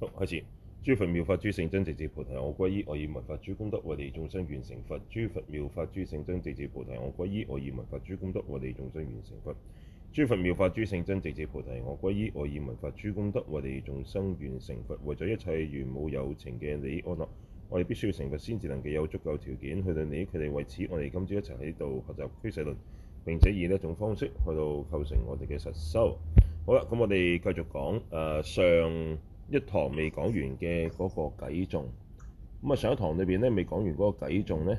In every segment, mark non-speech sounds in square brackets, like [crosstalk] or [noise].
好開始，諸佛妙法，諸聖真，直至菩提，我皈依，我以文法，諸功德，為利眾生願成佛。諸佛妙法，諸聖真，直至菩提，我皈依，我以文法，諸功德，為利眾生願成佛。諸佛妙法，諸聖真，直至菩提，我皈依，我以文法，諸功德，為利眾生願成佛。為咗一切圓滿有情嘅利益安樂，我哋必須要成佛，先至能夠有足夠條件去到你佢哋為此。我哋今朝一齊喺度學習俱舍論，並且以呢一種方式去到構成我哋嘅實修。好啦，咁我哋繼續講誒、呃、上一堂未講完嘅嗰個偈頌。咁上一堂裏面未講完嗰個偈頌呢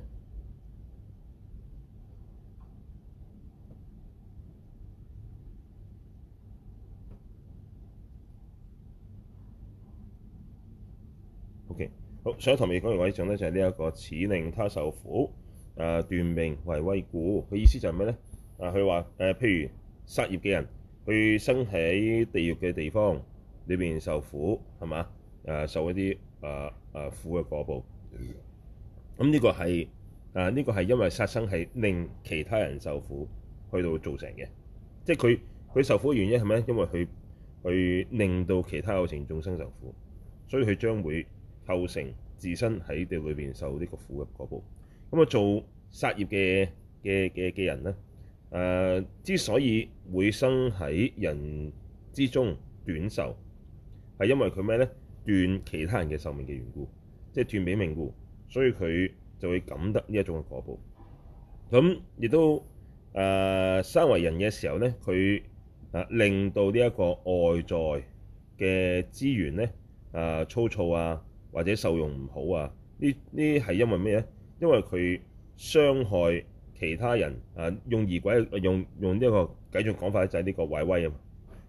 o、okay, k 好，上一堂未講完偈頌呢，就係呢一個，此令他受苦，斷命壞威故。佢意思就係咩呢？啊，佢話譬如殺業嘅人，佢生喺地獄嘅地方。裏邊受苦係嘛？誒、呃、受一啲誒誒苦嘅果報。咁、嗯、呢、這個係誒呢個係因為殺生係令其他人受苦去到造成嘅，即係佢佢受苦嘅原因係咩？因為佢佢令到其他有情眾生受苦，所以佢將會構成自身喺度裏邊受呢個苦嘅果報。咁、嗯、啊做殺業嘅嘅嘅嘅人咧，誒、呃、之所以會生喺人之中短壽。係因為佢咩咧斷其他人嘅壽命嘅緣故，即係斷彼命故，所以佢就會感得呢一種嘅果報。咁亦都誒、呃、生為人嘅時候咧，佢啊令到呢一個外在嘅資源咧啊、呃、粗糙啊或者受用唔好啊，呢呢係因為咩咧？因為佢傷害其他人啊、呃，用邪鬼、呃、用用呢一個繼續講法咧，就係呢個壞威啊，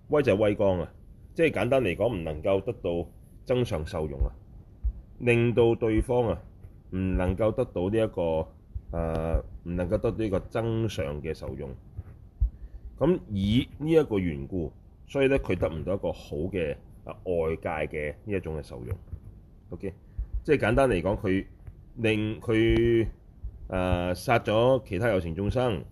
威就係威光啊。即係簡單嚟講，唔能夠得到增上受用啊，令到對方啊唔能夠得到呢、這、一個啊，唔、呃、能夠得到呢個增上嘅受用。咁以呢一個緣故，所以咧佢得唔到一個好嘅啊外界嘅呢一種嘅受用。OK，即係簡單嚟講，佢令佢啊、呃、殺咗其他有情眾生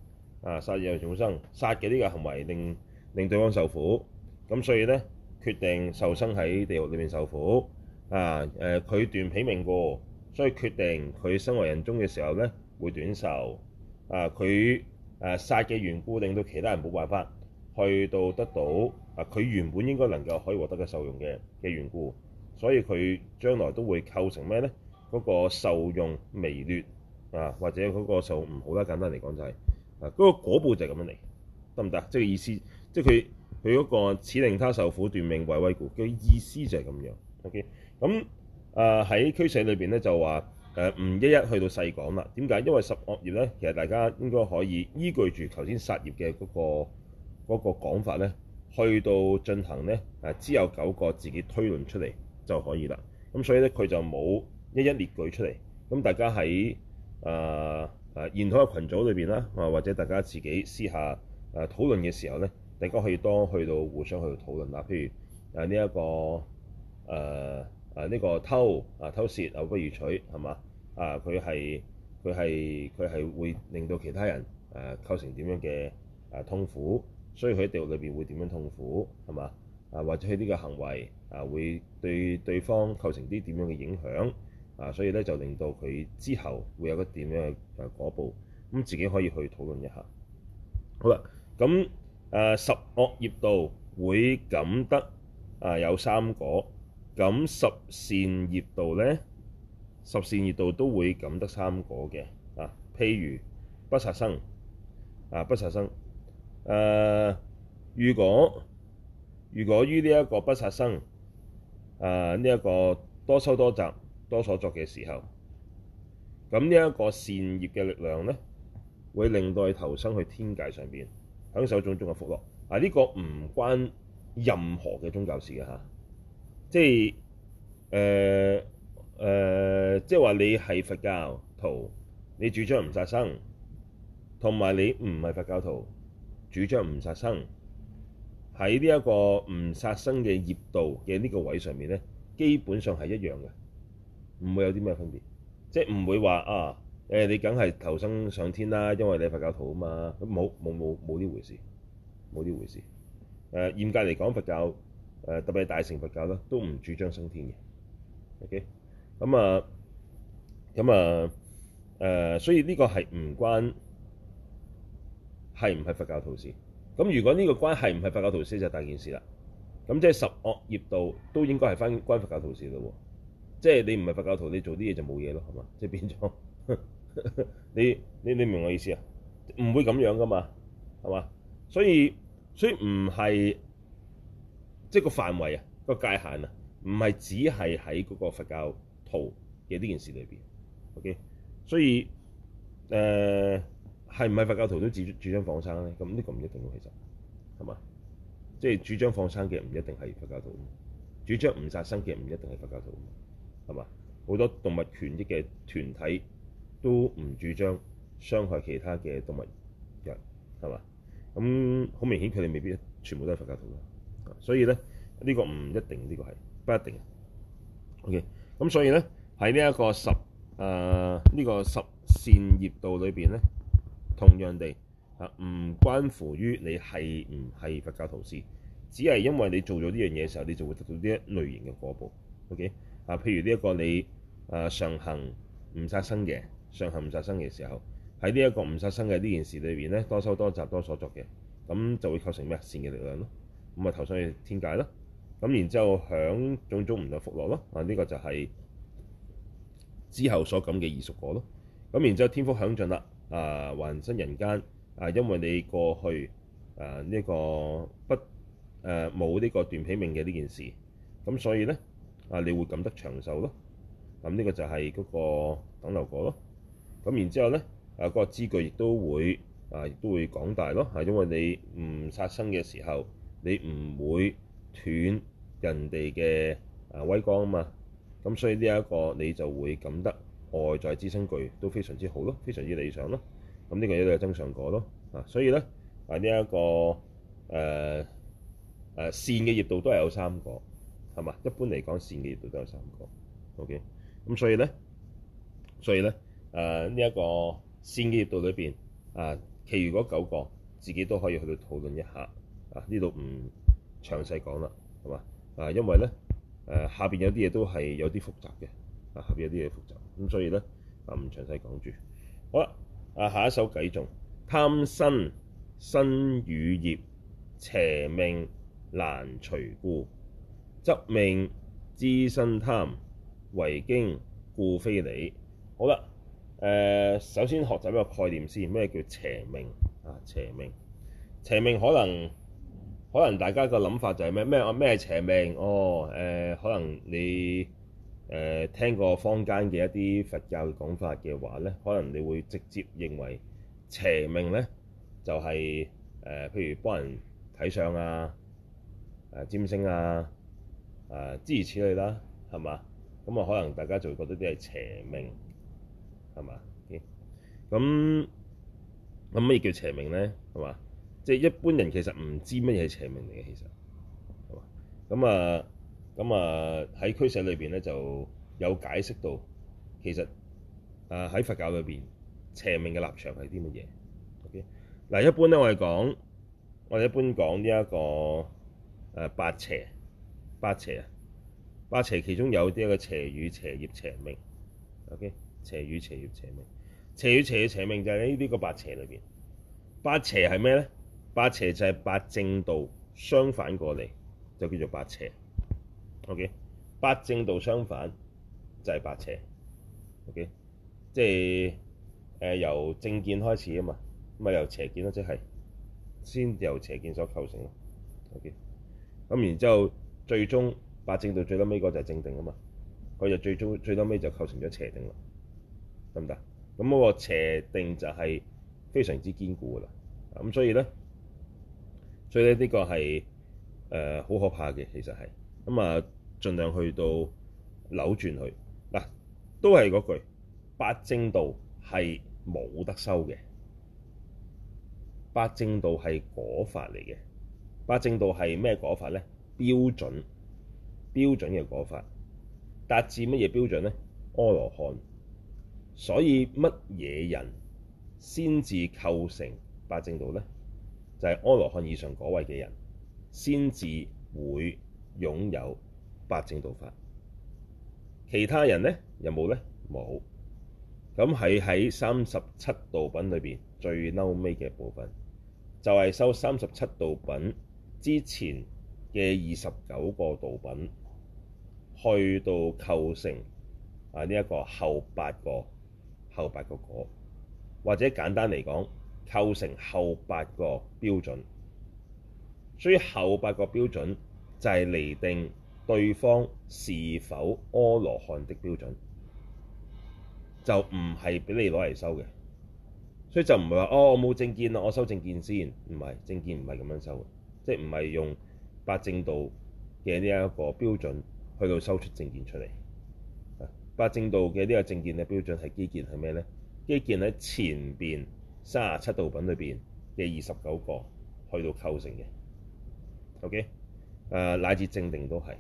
啊，殺有情眾生殺嘅呢個行為令，令令對方受苦。咁所以咧。決定受生喺地獄裏面受苦啊！誒、呃，佢斷命命過，所以決定佢生為人中嘅時候咧會短壽啊！佢誒、啊、殺嘅緣故，令到其他人冇辦法去到得到啊！佢原本應該能夠可以獲得嘅受用嘅嘅緣故，所以佢將來都會構成咩咧？嗰、那個受用微劣啊，或者嗰個受唔好啦，簡單嚟講就係、是、啊，嗰、那個果報就係咁樣嚟，得唔得？即係意思，即係佢。佢嗰、嗰個此令他受苦，斷命壞威，威故，佢意思就係咁樣。OK，咁誒喺俱舍裏面咧就話誒唔一一去到細講啦。點解？因為十惡業咧，其實大家應該可以依據住頭先殺業嘅嗰、嗰個嗰講、嗰個、法咧，去到進行咧只有九個自己推論出嚟就可以啦。咁所以咧，佢就冇一一列舉出嚟。咁大家喺誒誒研討嘅群組裏邊啦，或者大家自己私下誒、啊、討論嘅時候咧。大家可以多去到互相去討論啦。譬如誒呢一個誒誒呢個偷啊偷竊啊，不如取係嘛啊？佢係佢係佢係會令到其他人誒、啊、構成點樣嘅誒痛苦，所以佢喺地獄裏邊會點樣痛苦係嘛啊？或者佢呢個行為啊會對對方構成啲點樣嘅影響啊？所以咧就令到佢之後會有個點樣嘅果報。咁自己可以去討論一下。好啦，咁。誒十惡業道會感得啊有三果，咁十善業道咧，十善業道都會感得三果嘅啊。譬如不殺，不殺生，啊不殺生，誒如果如果於呢一個不殺生，啊呢一個多修多習多所作嘅時候，咁呢一個善業嘅力量咧，會令到佢投生去天界上邊。享受種種嘅福樂，啊呢個唔關任何嘅宗教事嘅嚇，即係誒誒，即係話你係佛教徒，你主張唔殺生，同埋你唔係佛教徒，主張唔殺生，喺呢一個唔殺生嘅業道嘅呢個位上面咧，基本上係一樣嘅，唔會有啲咩分別，即係唔會話啊。誒、欸、你梗係投生上天啦，因為你係佛教徒啊嘛，都冇冇冇冇呢回事，冇呢回事。誒、呃、嚴格嚟講佛教，誒、呃、特別係大乘佛教啦，都唔主張升天嘅。O K，咁啊，咁、嗯、啊，誒、嗯嗯嗯，所以呢個係唔關，係唔係佛教徒事。咁如果呢個關係唔係佛教徒事，就是、大件事啦。咁即係十惡業道都應該係翻關佛教徒事咯。即係你唔係佛教徒，你做啲嘢就冇嘢咯，係嘛？即係變咗。 [laughs] 你你你明我意思啊？唔會咁樣噶嘛，係嘛？所以所以唔係即係個範圍啊，個界限啊，唔係只係喺嗰個佛教徒嘅呢件事裏邊。OK，所以誒係唔係佛教徒都主主張放生咧？咁呢個唔一定咯，其實係嘛？即係主張放生嘅唔一定係佛教徒，主張唔殺生嘅唔一定係佛教徒，係嘛？好多動物權益嘅團體。都唔主張傷害其他嘅動物人，係嘛？咁好明顯，佢哋未必全部都係佛教徒咯。所以咧，呢、這個唔一定，呢個係不一定，不一定。OK，咁所以咧喺呢一個十誒、呢、呃這個十善業道裏邊咧，同樣地嚇唔、啊、關乎於你係唔係佛教徒先，只係因為你做咗呢樣嘢嘅時候，你就會得到呢一類型嘅果報。OK，啊，譬如呢一個你誒、呃、上行唔殺生嘅。上行唔殺生嘅時候，喺呢一個唔殺生嘅呢件事裏邊咧，多修多習多所作嘅，咁就會構成咩善嘅力量咯。咁啊，投上去天界咯。咁然之後享種種唔同福樂咯。啊，呢個就係之後所感嘅異熟果咯。咁然之後天福享盡啦。啊，還生人間啊，因為你過去啊呢個不誒冇呢個斷彼命嘅呢件事，咁所以咧啊，你會感得長壽咯。咁呢個就係嗰個等流果咯。咁然之後咧、那個，啊，嗰個資具亦都會啊，亦都會廣大咯。因為你唔殺生嘅時候，你唔會斷人哋嘅啊威光啊嘛。咁所以呢一個你就會感得外在資生具都非常之好咯，非常之理想咯。咁呢個亦都係增上果咯啊。所以咧啊，呢一個誒誒善嘅業道都係有三個係嘛？一般嚟講，善嘅業道都有三個。OK，咁所以咧，所以咧。誒呢一個先嘅業道裏邊，啊，其餘嗰九個自己都可以去到討論一下。啊，呢度唔詳細講啦，係嘛？啊，因為咧誒、啊、下面有啲嘢都係有啲複雜嘅，啊下面有啲嘢複雜，咁所以咧啊唔詳細講住。好啦，啊下一首偈仲貪生身語業，邪命難除故，執命資貪生，違經故非理。好啦。誒、呃，首先學習一個概念先，咩叫邪命啊？邪命，邪命可能可能大家嘅諗法就係咩？咩啊？咩邪命？哦，誒、呃，可能你誒、呃、聽過坊間嘅一啲佛教嘅講法嘅話咧，可能你會直接認為邪命咧就係、是、誒、呃，譬如幫人睇相啊、誒、啊、占星啊、誒諸如此類啦，係嘛？咁啊，可能大家就會覺得啲係邪命。係嘛？咁，咁乜嘢叫邪命咧？係嘛？即、就、係、是、一般人其實唔知乜嘢係邪命嚟嘅。其實係嘛？咁啊，咁啊喺俱舍裏邊咧就有解釋到，其實啊喺佛教裏邊邪命嘅立場係啲乜嘢？OK 嗱，一般咧我係講我哋一般講呢、這、一個誒八邪八邪啊八邪，八邪八邪其中有啲一個邪語、邪業、邪命。OK。邪語邪業邪命，邪語邪業邪命就係呢啲個八邪裏邊。八邪係咩咧？八邪就係八正道相反過嚟，就叫做八邪。O.K. 八正道相反就係八邪。O.K. 即係誒、呃、由正見開始啊嘛，咁啊由邪見咯，即、就、係、是、先由邪見所構成。O.K. 咁、嗯、然之後最終，最終八正道最尾個就係正定啊嘛，佢就最終最尾就構成咗邪定啦。得唔得？咁我、嗰個邪定就係非常之堅固噶啦，咁所以咧，所以咧呢個係誒好可怕嘅，其實係咁啊，盡量去到扭轉佢嗱、啊，都係嗰句八正道係冇得修嘅，八正道係果法嚟嘅，八正道係咩果法咧？標準標準嘅果法達至乜嘢標準咧？阿羅漢。所以乜嘢人先至構成八正道咧？就係、是、阿羅漢以上嗰位嘅人先至會擁有八正道法。其他人咧有冇咧？冇。咁係喺三十七道品裏邊最嬲尾嘅部分，就係、是、收三十七道品之前嘅二十九個道品，去到構成啊呢一個後八個。後八個果，或者簡單嚟講，構成後八個標準。所以後八個標準就係嚟定對方是否阿羅漢的標準，就唔係俾你攞嚟收嘅。所以就唔係話哦，我冇證件咯，我收證件先，唔係，證件唔係咁樣收嘅，即係唔係用八正道嘅呢一個標準去到收出證件出嚟。八正道嘅呢個正見嘅標準係基建係咩咧？基建喺前邊三十七道品裏邊嘅二十九個去到構成嘅，OK，誒、啊、乃至正定都係。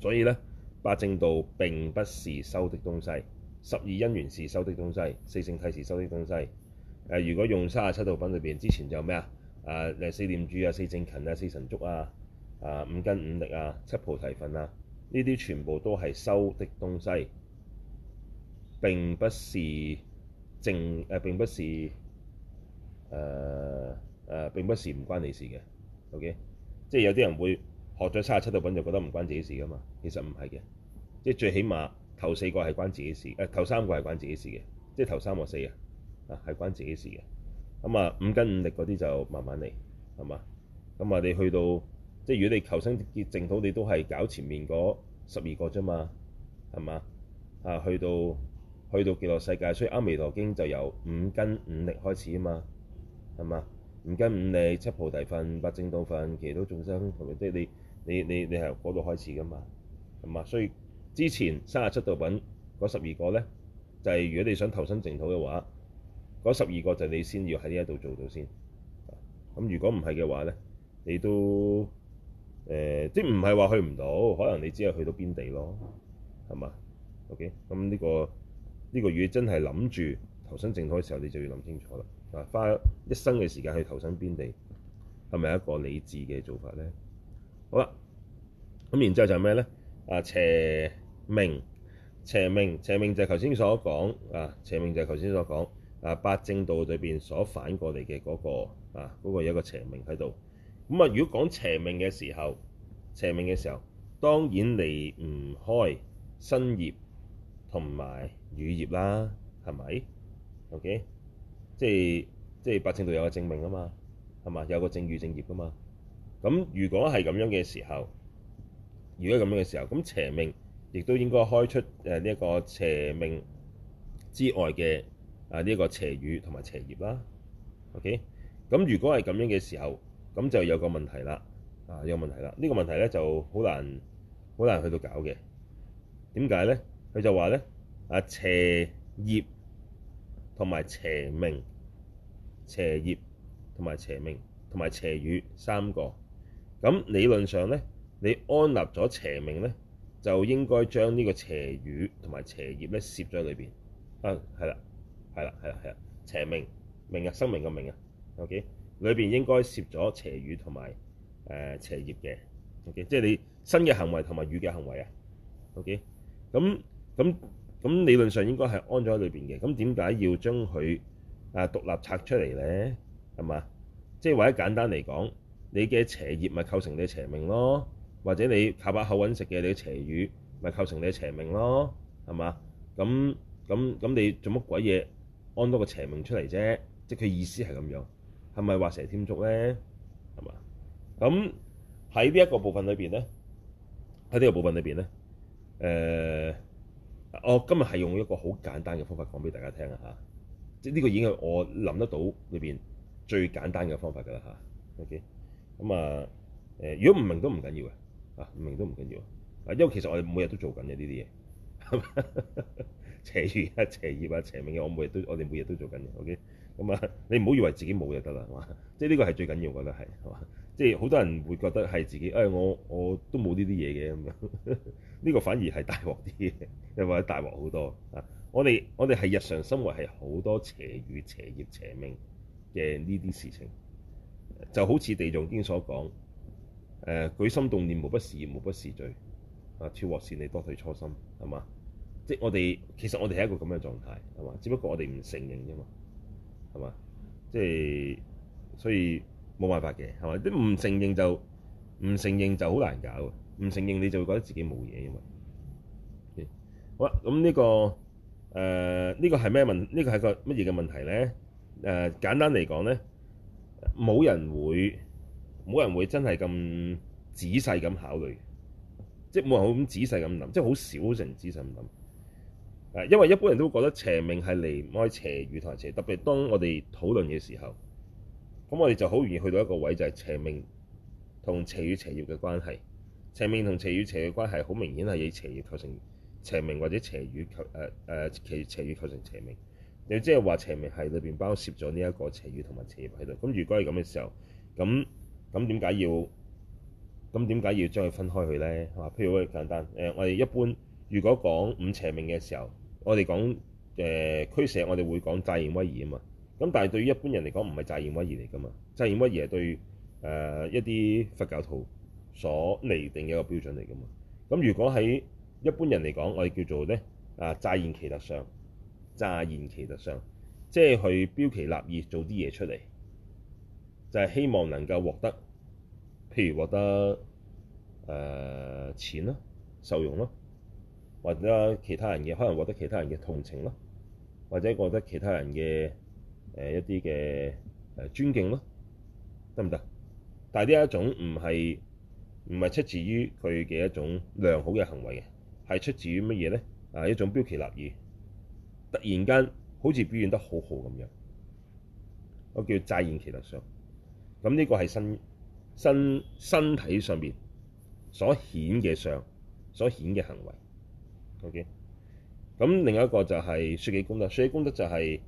所以咧，八正道並不是修的東西，十二因緣是修的東西，四聖諦是修的東西。誒、啊，如果用三十七道品裏邊之前就咩啊？誒誒四念住啊、四正勤啊、四神足啊、啊五根五力啊、七菩提分啊。呢啲全部都係收的東西，並不是正誒、啊，並不是誒誒、呃啊，並不是唔關你事嘅。OK，即係有啲人會學咗三十七道品就覺得唔關自己事噶嘛，其實唔係嘅。即係最起碼頭四個係關自己事，誒、啊、頭三個係關自己事嘅，即係頭三或四嘅啊係關自己事嘅。咁啊，五根五力嗰啲就慢慢嚟，係嘛？咁啊，你去到。即係如果你求生淨土，你都係搞前面嗰十二個啫嘛，係嘛啊？去到去到極樂世界，所以《阿彌陀經》就由五根五力開始啊嘛，係嘛？五根五力、七菩提分、八正道分、其他都眾生同埋，即係你你你你係嗰度開始㗎嘛，係嘛？所以之前三十七道品嗰十二個咧，就係如果你想投身淨土嘅話，嗰十二個就你先要喺呢一度做到先。咁如果唔係嘅話咧，你都～誒、呃，即唔係話去唔到，可能你只有去到邊地咯，係嘛？OK，咁呢，這個呢、這個月真係諗住投身淨土嘅時候，你就要諗清楚啦。啊，花一生嘅時間去投身邊地，係咪一個理智嘅做法咧？好啦，咁然之後就係咩咧？啊，邪命，邪命，邪命就係頭先所講啊，邪命就係頭先所講啊，八正道裏邊所反過嚟嘅嗰個啊，嗰，那個有一個邪命喺度。咁啊！如果講邪命嘅時候，邪命嘅時候當然離唔開身業同埋語業啦，係咪？OK，即係即係八正道有個正命啊嘛，係嘛？有個正語正業噶嘛。咁如果係咁樣嘅時候，如果係咁樣嘅時候，咁邪命亦都應該開出誒呢一個邪命之外嘅啊呢一個邪語同埋邪業啦。OK，咁如果係咁樣嘅時候。咁就有個問題啦，啊有問題啦，呢個問題咧、這個、就好難好難去到搞嘅。點解咧？佢就話咧，啊邪業同埋邪命、邪業同埋邪命同埋邪語三個。咁理論上咧，你安立咗邪命咧，就應該將呢個邪語同埋邪業咧攝咗裏邊。啊，係啦，係啦，係啦，係啊，邪命命啊，生命嘅命啊，OK。裏邊應該攝咗邪語同埋誒邪業嘅。O.K.，即係你身嘅行為同埋語嘅行為啊。O.K.，咁咁咁理論上應該係安咗喺裏邊嘅。咁點解要將佢啊獨立拆出嚟咧？係嘛？即係或者簡單嚟講，你嘅邪業咪構成你嘅邪命咯，或者你靠把口揾食嘅你嘅邪語咪構成你嘅邪命咯，係嘛？咁咁咁，你做乜鬼嘢安多個邪命出嚟啫？即係佢意思係咁樣。係咪畫蛇添足咧？係嘛？咁喺呢一個部分裏邊咧，喺呢個部分裏邊咧，誒、呃，我今日係用一個好簡單嘅方法講俾大家聽啊！嚇，即係呢個已經係我諗得到裏邊最簡單嘅方法㗎啦！吓，OK，咁啊，誒，如果唔明都唔緊要啊，啊，唔、呃、明都唔緊要啊要，因為其實我哋每日都做緊嘅呢啲嘢，邪語啊、邪業啊、邪命嘅，我每日都我哋每日都做緊嘅，OK。啊。咁啊！你唔好以為自己冇就得啦，係嘛？即係呢個係最緊要，我覺得係係嘛？即係好多人會覺得係自己誒、哎，我我都冇呢啲嘢嘅咁樣。呢、這個反而係大鑊啲嘅，又或者大鑊好多啊！我哋我哋係日常生活係好多邪語、邪業、邪命嘅呢啲事情，就好似地藏經所講誒、呃，舉心動念無不是業，無不是罪啊！脫獲善利多退初心係嘛？即係我哋其實我哋係一個咁嘅狀態係嘛？只不過我哋唔承認啫嘛。係嘛？即係所以冇辦法嘅，係嘛？啲唔承認就唔承認就好難搞嘅，唔承認你就會覺得自己冇嘢，因為好啦。咁、呃、呢、呢個呢係咩問？呢、呢個係個乜嘢嘅問題咧、呃？簡單嚟講咧，冇人會冇人會真係咁仔細咁考慮，即係冇人好咁仔細咁諗，即好少成仔細咁諗。因為一般人都會覺得邪命係離唔開邪語同邪語，特別當我哋討論嘅時候，咁我哋就好容易去到一個位，就係、是、邪命同邪語、邪業嘅關係。邪命同邪語、邪業嘅關係好明顯係以邪業構成邪命，或者邪語構誒誒其邪語構成邪命。你即係話邪命係裏邊包涉咗呢一個邪語同埋邪業喺度。咁如果係咁嘅時候，咁咁點解要咁點解要將佢分開去咧？嚇、啊，譬如好簡單，誒、呃，我哋一般如果講五邪命嘅時候。我哋講誒俱舍，呃、我哋會講詐現威儀啊嘛。咁但係對於一般人嚟講，唔係詐現威儀嚟噶嘛。詐現威儀係對誒、呃、一啲佛教徒所釐定嘅一個標準嚟噶嘛。咁如果喺一般人嚟講，我哋叫做咧，啊詐現奇特相，詐現奇特相，即係去標奇立異做啲嘢出嚟，就係、是、希望能夠獲得，譬如獲得誒、呃、錢咯、啊，受用咯、啊。或者其他人嘅，可能獲得其他人嘅同情咯，或者獲得其他人嘅誒、呃、一啲嘅尊敬咯，得唔得？但係呢一種唔係唔係出自於佢嘅一種良好嘅行為嘅，係出自於乜嘢咧？啊，一種標奇立異，突然間好似表現得好好咁樣。我叫詐現奇特相，咁呢個係身身身體上面所顯嘅相，所顯嘅行為。OK，咁另一個就係説己功德。説己功德就係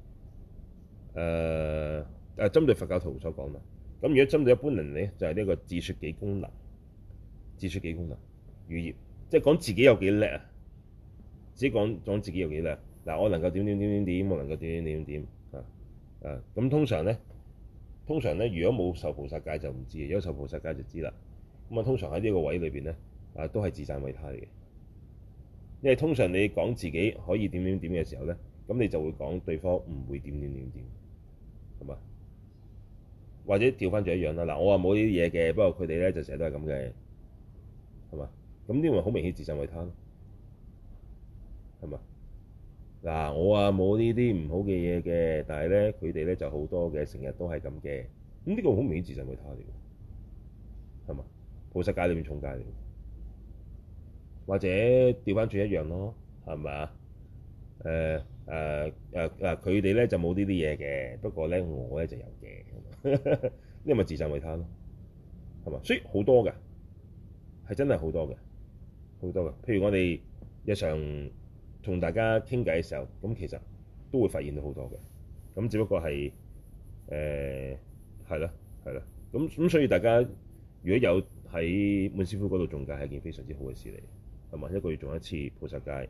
誒誒針對佛教徒所講啦。咁如果針對一般人嚟咧，就係呢一個自説己功能，自説己功能語言，即係講自己有幾叻啊！自己講講自己有幾叻嗱，我能夠點點點點點，我能夠點點點點啊啊！咁通常咧，通常咧，如果冇受菩薩戒就唔知，如果受菩薩戒就知啦。咁啊，通常喺呢個位裏邊咧，啊都係自讚毀他嘅。因為通常你講自己可以點點點嘅時候咧，咁你就會講對方唔會點點點點，係嘛？或者調翻咗一樣啦。嗱，我話冇呢啲嘢嘅，不過佢哋咧就成日都係咁嘅，係嘛？咁呢個好明顯自讚毀他咯，係嘛？嗱，我話冇呢啲唔好嘅嘢嘅，但係咧佢哋咧就好多嘅，成日都係咁嘅。咁呢個好明顯自讚毀他嘅，係嘛？菩薩戒裡面重戒嚟。或者調翻轉一樣咯，係咪啊？誒誒誒誒，佢哋咧就冇呢啲嘢嘅，不過咧我咧就有嘅，呢咪 [laughs] 自讚毀他咯，係嘛？所以好多㗎，係真係好多嘅，好多嘅。譬如我哋日常同大家傾偈嘅時候，咁其實都會發現到好多嘅。咁只不過係誒係啦係啦，咁、呃、咁所以大家如果有喺滿師傅嗰度仲介，係一件非常之好嘅事嚟。同埋一個月做一次菩薩戒，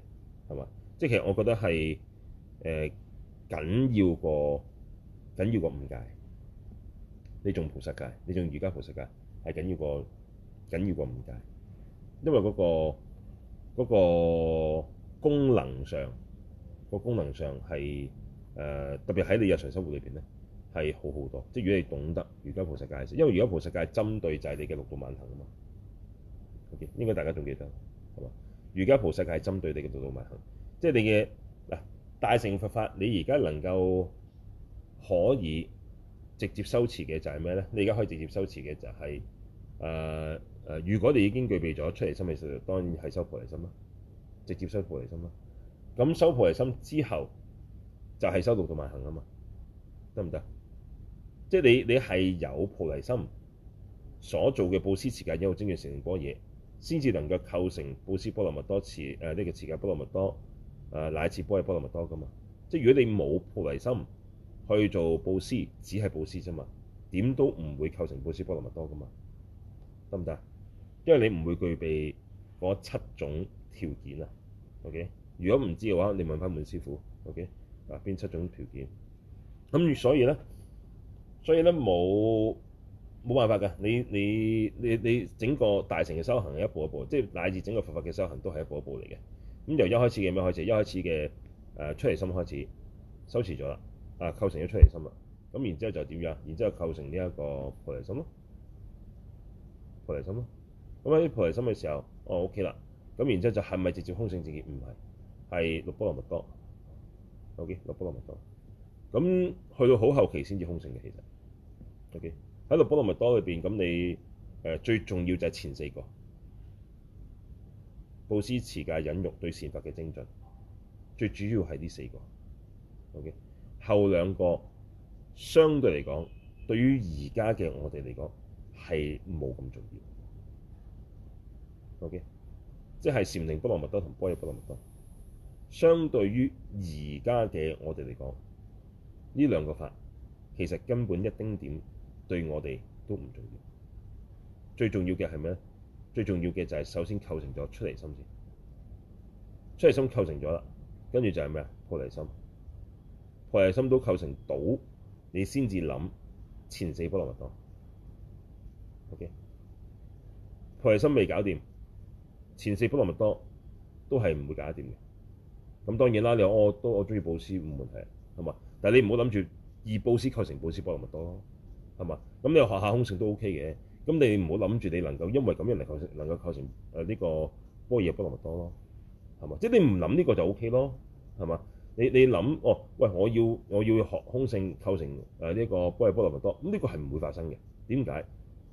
係嘛？即係其實我覺得係誒、呃、緊要過緊要過五戒，你做菩薩戒，你做瑜伽菩薩戒係緊要過緊要過五戒，因為嗰、嗰個嗰個功能上、嗰個功能上係、呃、特別喺你日常生活裏邊咧係好好多，即係如果你懂得瑜伽菩薩戒，因為瑜伽菩薩戒針對就係你嘅六度萬行啊嘛，OK 應該大家仲記得。係嘛？而家菩薩係針對你嘅度度萬行，即係你嘅嗱大乘佛法。你而家能夠可以直接修持嘅就係咩咧？你而家可以直接修持嘅就係誒誒，如果你已經具備咗出離心嘅時候，當然係修菩提心啦，直接修菩提心啦。咁修菩提心之後就係修度度萬行啊嘛，得唔得？即係你你係有菩提心所做嘅布施時間、持戒、因果、精進、成就嗰嘢。先至能夠構成布施波羅蜜多詞，誒、呃、呢、這個詞叫波羅蜜多，誒、呃、乃至波嘅波羅蜜多噶嘛。即係如果你冇菩提心去做布施，只係布施啫嘛，點都唔會構成布施波羅蜜多噶嘛，得唔得？因為你唔會具備嗰七種條件啊。OK，如果唔知嘅話，你問翻門師傅。OK，嗱邊七種條件？咁、OK? OK? 所以咧，所以咧冇。冇辦法㗎，你你你你整個大乘嘅修行係一步一步，即係乃至整個佛法嘅修行都係一步一步嚟嘅。咁由一開始嘅咩開始？一開始嘅誒出離心開始，修持咗啦，啊構成咗出離心啦。咁然之後就點樣？然之後構成呢一個菩提心咯，菩提心咯。咁喺菩提心嘅時候，哦 OK 啦。咁然之後就係咪直接空性直接？唔係，係六波羅蜜多。OK，六波羅蜜多。咁去到好後期先至空性嘅，其實 OK。喺《六波羅蜜多》裏邊，咁你誒最重要就係前四個布施、持戒、忍辱、對善法嘅精進，最主要係呢四個。OK，後兩個相對嚟講，對於而家嘅我哋嚟講係冇咁重要。OK，即係禪定波羅蜜多同波若波羅蜜多，相對於而家嘅我哋嚟講，呢兩個法其實根本一丁點。對我哋都唔重要，最重要嘅係咩咧？最重要嘅就係首先構成咗出離心先，出離心構成咗啦，跟住就係咩啊？破離心，破離心都構成到你先至諗前四波羅蜜多。O.K. 破離心未搞掂，前四波羅蜜多都係唔會搞掂嘅。咁當然啦，你話我都我中意布施，冇問題，係嘛？但係你唔好諗住以布施構成布施波羅蜜多。係嘛？咁你學下空性都 OK 嘅。咁你唔好諗住你能夠因為咁樣嚟構成能夠構成誒呢個波嘢波羅蜜多咯，係嘛？即係你唔諗呢個就 OK 咯，係嘛？你你諗，哦，喂，我要我要學空性構成誒呢個波嘢波羅蜜多，咁呢個係唔會發生嘅。點解？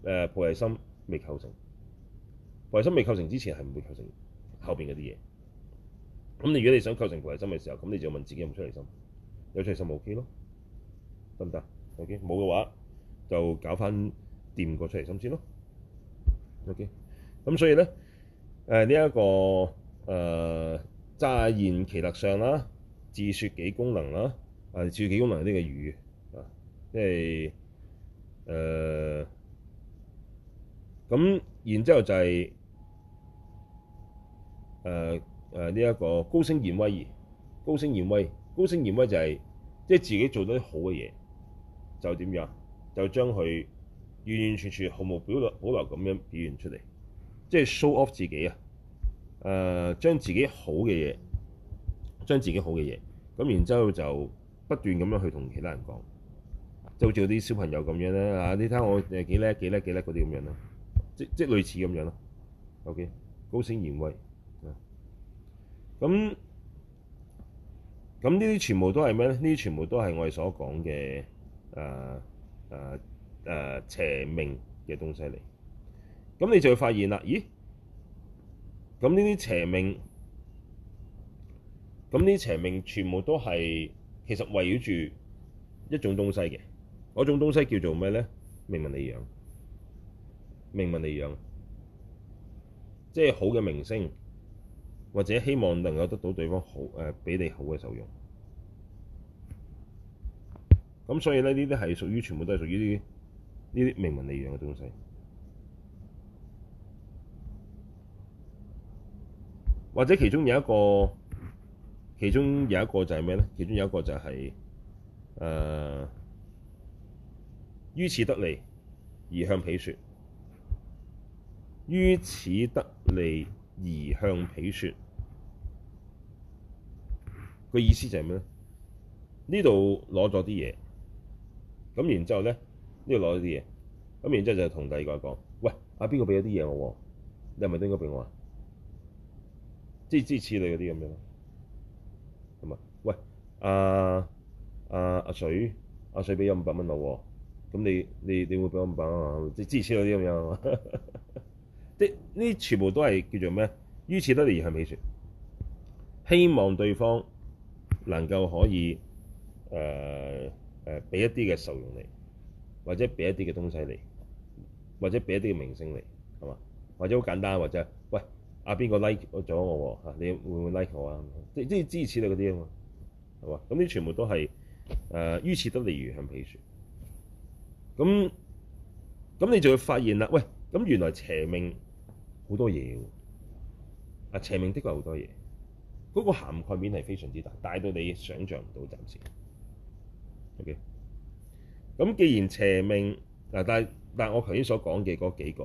誒菩提心未構成，菩提心未構成之前係唔會構成後邊嗰啲嘢。咁你如果你想構成菩提心嘅時候，咁你就問自己有冇出離心？有出離心 OK 咯，得唔得？OK，冇嘅話。就搞翻掂個出嚟先先咯。OK，咁所以咧，誒呢一個誒詐現奇特相啦，自説己功能啦，誒、呃、自説己功能呢啲嘅語啊，即係誒咁，然之後就係誒誒呢一個高聲現威，高聲現威，高聲現威就係即係自己做到啲好嘅嘢，就點、是、樣？就將佢完完全全毫無保留保留咁樣表現出嚟，即係 show off 自己啊、呃！將自己好嘅嘢，將自己好嘅嘢咁，然之後就不斷咁樣去同其他人講，就係好似啲小朋友咁樣咧，你睇我誒幾叻幾叻幾叻嗰啲咁樣啦，即類似咁樣咯。OK，高聲現威。啊，咁咁呢啲全部都係咩咧？呢啲全部都係我哋所講嘅呃呃、邪命嘅東西嚟，咁你就會發現啦，咦？咁呢啲邪命，咁呢啲邪命全部都係其實圍繞住一種東西嘅，嗰種東西叫做咩呢？名聞利養，名聞利養，即、就、係、是、好嘅名聲，或者希望能夠得到對方好誒，俾、呃、你好嘅受用。咁所以咧，呢啲係屬於全部都係屬於呢啲呢啲名聞利養嘅東西，或者其中有一個，其中有一個就係咩咧？其中有一個就係誒於此得利而向彼説，於此得利而向彼説。個意思就係咩咧？呢度攞咗啲嘢。咁然之後咧，呢度攞咗啲嘢，咁然之後就同第二個講，喂，阿邊個俾咗啲嘢我，你係咪都應該俾我啊？即係支持你嗰啲咁樣，係咪？喂，阿阿阿水，阿水俾咗五百蚊我，咁你你你會俾五百啊？即支持我啲咁樣，啲 [laughs] 呢全部都係叫做咩？於此得利而向彼說，希望對方能夠可以誒。呃誒俾一啲嘅受用嚟，或者俾一啲嘅東西嚟，或者俾一啲嘅明星嚟，係嘛？或者好簡單，或者喂，阿邊個 like 咗我喎嚇？你會唔會 like 我啊？即即支持你嗰啲啊嘛，係嘛？咁你全部都係誒、呃、於此得利而向彼說。咁咁你就要發現啦，喂，咁原來邪命好多嘢喎，啊邪命的確好多嘢，嗰、嗰個涵蓋面係非常之大，大到你想象唔到，暫時。咁、okay。既然邪命嗱，但但係我頭先所講嘅嗰幾個，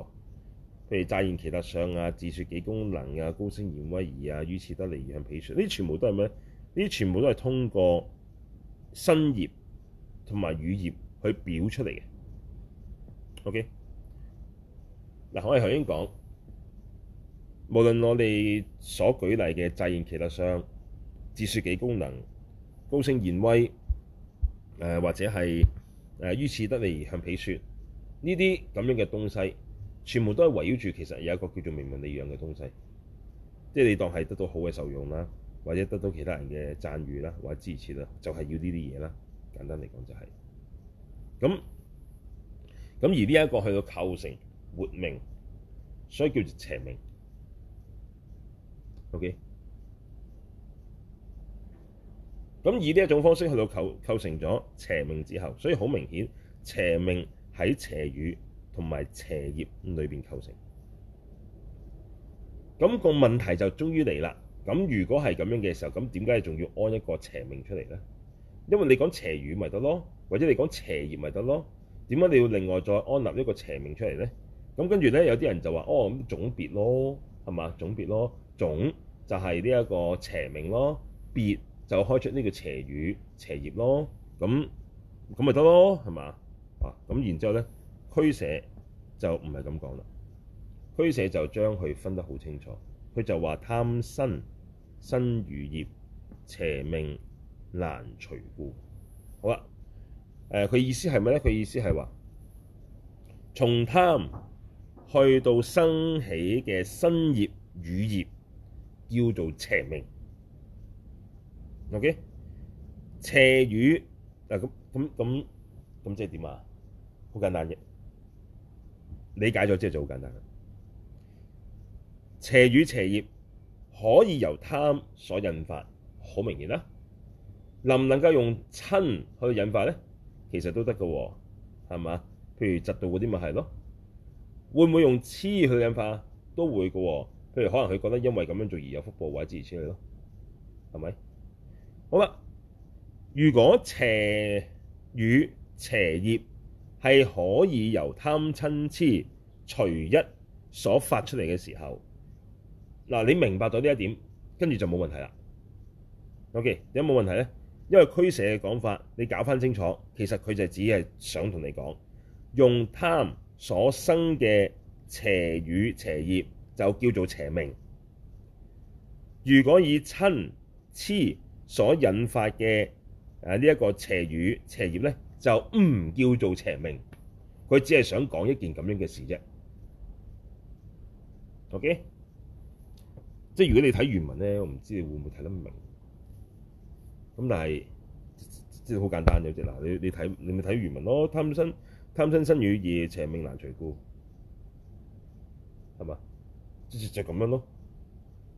譬如詐現奇特相啊、自說己功能啊、高聲現威儀啊、於此得利而向彼說，呢啲全部都係咩？呢啲全部都係通過身業同埋語業去表出嚟嘅。O K。嗱，我係頭先講，無論我哋所舉例嘅詐現奇特相、自說己功能、高聲現威。誒、呃、或者係誒於此得利而向彼說，呢啲咁樣嘅東西，全部都係圍繞住其實有一個叫做名聞利養嘅東西，即係你當係得到好嘅受用啦，或者得到其他人嘅讚譽啦，或者支持啦，就係、是、要呢啲嘢啦。簡單嚟講就係、是，咁咁而呢一個去到構成活命，所以叫做邪命，OK。咁以呢一種方式去到構構成咗邪命之後，所以好明顯邪命喺邪語同埋邪業裏邊構成。咁、那個問題就終於嚟啦。咁如果係咁樣嘅時候，咁點解仲要安一個邪命出嚟呢？因為你講邪語咪得咯，或者你講邪業咪得咯。點解你要另外再安立一個邪命出嚟呢？咁跟住呢，有啲人就話：，哦，總別咯，係嘛？總別咯，總就係呢一個邪命咯，別就開出呢個邪語、邪業咯，咁咁咪得咯，係嘛啊？咁然之後咧，俱舍就唔係咁講啦。俱舍就將佢分得好清楚，佢就話貪生身語業，邪命難除故。好啦、啊，佢、呃、意思係咩咧？佢意思係話從貪去到生起嘅身業、語業叫做邪命。OK，邪語咁咁咁咁，即係點啊？好簡單嘅理解咗之後，就好簡單嘅，邪語邪業可以由貪所引發，好明顯啦、啊。能唔能夠用瞋去引發咧？其實都得㗎喎，係嘛？譬如嫉妒嗰啲咪係咯。會唔會用痴去引發都會㗎喎、哦？譬如可能佢覺得因為咁樣做而有福報，或者自然出嚟咯，係咪？好啦，如果邪語邪業係可以由貪瞋痴隨一所發出嚟嘅時候，嗱，你明白到呢一點，跟住就冇問題啦。OK，有冇問題咧？因為俱舍嘅講法，你搞翻清楚，其實佢就只係想同你講，用貪所生嘅邪語邪業就叫做邪命。如果以瞋痴所引發嘅誒呢一個邪語邪業咧，就唔叫做邪命，佢只係想講一件咁樣嘅事啫。OK，即係如果你睇原文咧，我唔知你會唔會睇得唔明。咁但係即係好簡單，有隻嗱，你你睇你咪睇原文咯。貪生，貪生身語業，邪命難除故，係嘛？就就係咁樣咯。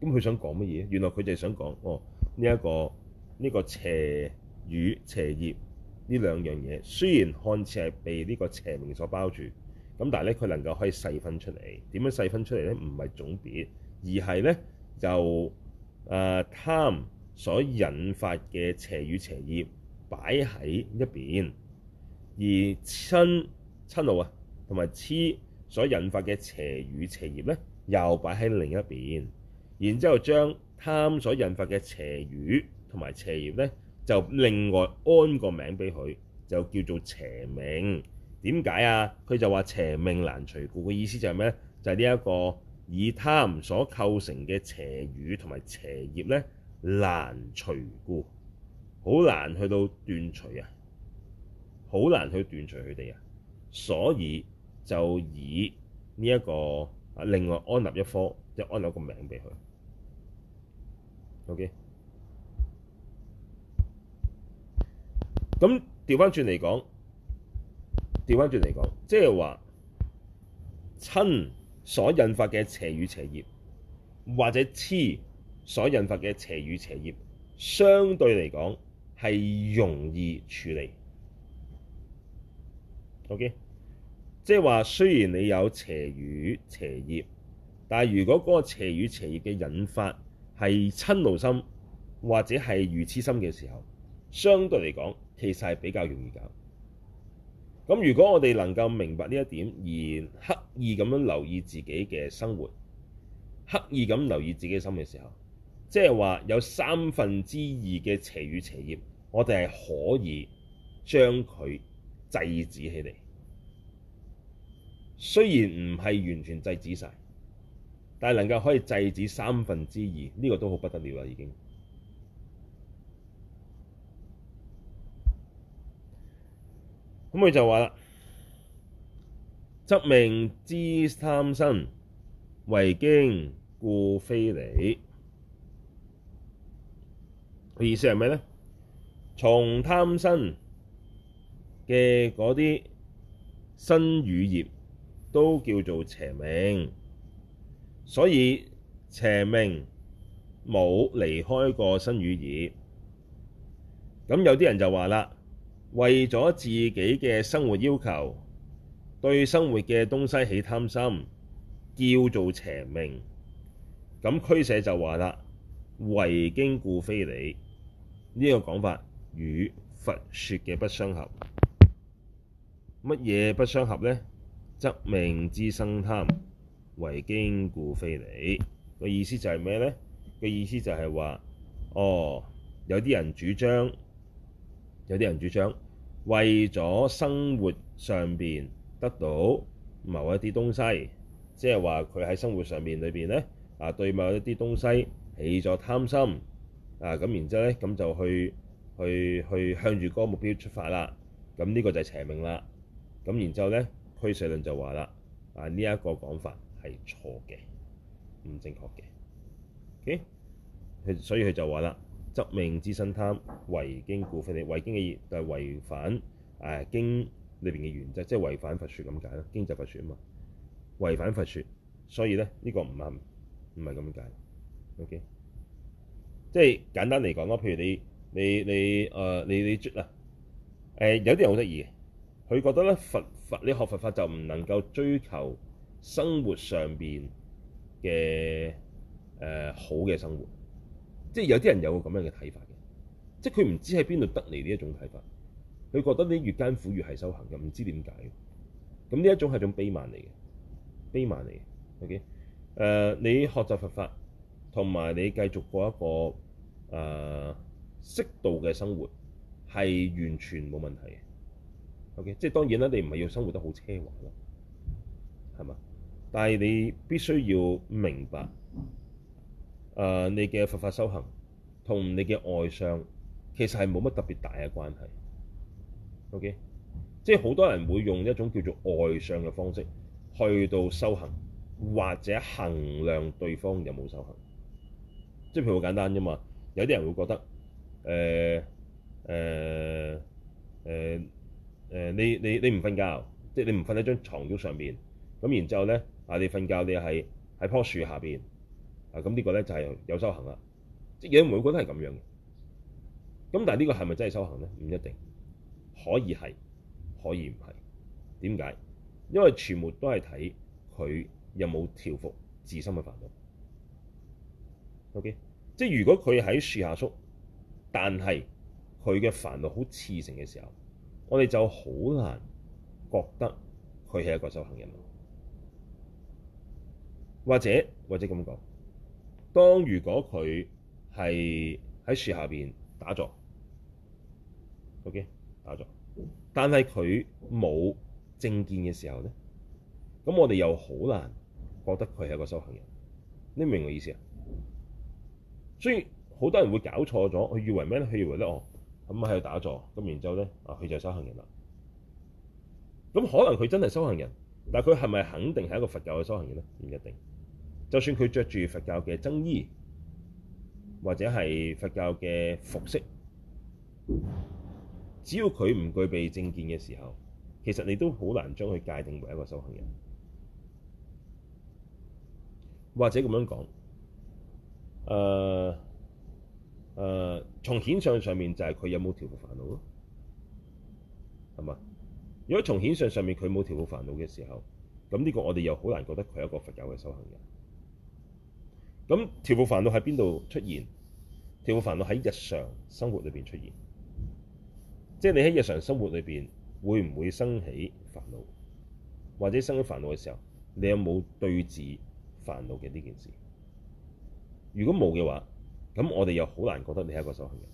咁佢想講乜嘢？原來佢就係想講，哦。呢一，這個呢，這個邪語邪業呢兩樣嘢，雖然看似係被呢個邪命所包住，咁但係咧佢能夠可以細分出嚟。點樣細分出嚟咧？唔係總別，而係咧由誒貪所引發嘅邪語邪業擺喺一邊，而瞋、瞋怒啊同埋痴所引發嘅邪語邪業咧又擺喺另一邊，然之後將貪所引發嘅邪語同埋邪業咧，就另外安個名俾佢，就叫做邪命。點解啊？佢就話邪命難除故嘅意思就係咩咧？就係呢一個以貪所構成嘅邪語同埋邪業咧，難除故，好難去到斷除啊，好難去斷除佢哋啊，所以就以呢一個啊另外安立一科，即係安立個名俾佢。OK，咁調翻轉嚟講，調翻轉嚟講，即係話瞋所引發嘅邪語邪業，或者痴所引發嘅邪語邪業，相對嚟講係容易處理。OK，即係話雖然你有邪語邪業，但係如果嗰個邪語邪業嘅引發，係瞋怒心或者係愚痴心嘅時候，相對嚟講其實係比較容易搞。咁如果我哋能夠明白呢一點，而刻意咁樣留意自己嘅生活，刻意咁留意自己嘅心嘅時候，即係話有三分之二嘅邪語邪業，我哋係可以將佢制止起嚟。雖然唔係完全制止晒。但係能夠可以制止三分之二，呢、這個都好不得了啦！已經。咁佢就話啦：執命資貪生，違經故非理。意思係咩咧？從貪生嘅嗰啲身語業，都叫做邪命。所以邪命冇離開過身語業，咁有啲人就話啦，為咗自己嘅生活要求，對生活嘅東西起貪心，叫做邪命。咁俱舍就話啦，違經故非理，呢個講法與佛説嘅不相合。乜嘢不相合呢？執命資貪生。違經故非理個意，意思就係咩呢？個意思就係話：哦，有啲人主張，有啲人主張，為咗生活上邊得到某一啲東西，即係話佢喺生活上面裏邊咧啊，對某一啲東西起咗貪心啊，咁然之後呢，咁就去去去向住嗰個目標出發啦。咁、這、呢個就係邪命啦。咁然之後呢，俱舍論就話啦：啊，呢一個講法。係錯嘅，唔正確嘅。O K，佢所以佢就話啦：執命資身貪，違經故非理。你違經嘅嘢就係違反誒、啊、經裏邊嘅原則，即係違反佛說咁解啦。經就佛說啊嘛，違反佛說，所以咧呢、這個唔係唔係咁解。O、okay? K，即係簡單嚟講咯，譬如你你你誒，你你啊，誒、呃呃、有啲人好得意嘅，佢覺得咧佛佛你學佛法就唔能夠追求。生活上邊嘅誒好嘅生活，即係有啲人有個咁樣嘅睇法嘅，即係佢唔知喺邊度得嚟呢一種睇法，佢覺得你越艱苦越係修行嘅，唔知點解。咁呢一種係種悲慢嚟嘅，悲慢嚟嘅。O K，誒，你學習佛法同埋你繼續過一個誒適度嘅生活係完全冇問題嘅。O K，即係當然啦，你唔係要生活得好奢華咯，係嘛？但係你必須要明白，誒、呃、你嘅佛法修行同你嘅外相其實係冇乜特別大嘅關係。OK，即係好多人會用一種叫做外相嘅方式去到修行，或者衡量對方有冇修行。即係譬如好簡單啫嘛，有啲人會覺得誒誒誒誒，你你你唔瞓覺，即係你唔瞓喺張床褥上邊，咁然之後咧。啊！你瞓覺，你係喺樖樹下面。啊，咁呢個咧就係有修行啦。即係唔會覺得係咁樣嘅。咁但係呢個係咪真係修行咧？唔一定，可以係，可以唔係。點解？因為全部都係睇佢有冇調伏，自身嘅煩惱。OK，即係如果佢喺樹下宿，但係佢嘅煩惱好熾盛嘅時候，我哋就好難覺得佢係一個修行人。或者，或者咁講，當如果佢係喺樹下邊打坐，OK 打坐，但係佢冇正見嘅時候咧，咁我哋又好難覺得佢係一個修行人。你明唔明我意思啊？所以好多人會搞錯咗，佢以為咩咧？佢以為咧哦，咁喺度打坐，咁然之後咧啊，佢就係修行人啦。咁可能佢真係修行人，但係佢係咪肯定係一個佛教嘅修行人咧？唔一定。就算佢着住佛教嘅僧衣或者係佛教嘅服飾，只要佢唔具備證件嘅時候，其實你都好難將佢界定為一個修行人。或者咁樣講，誒、呃、誒、呃，從顯象上面就係佢有冇調伏煩惱咯，係嘛？如果從顯象上面佢冇調伏煩惱嘅時候，咁呢個我哋又好難覺得佢係一個佛教嘅修行人。咁調伏煩惱喺邊度出現？調伏煩惱喺日常生活裏面出現，即係你喺日常生活裏面會唔會生起煩惱，或者生起煩惱嘅時候，你有冇對治煩惱嘅呢件事？如果冇嘅話，咁我哋又好難覺得你係一個修行人。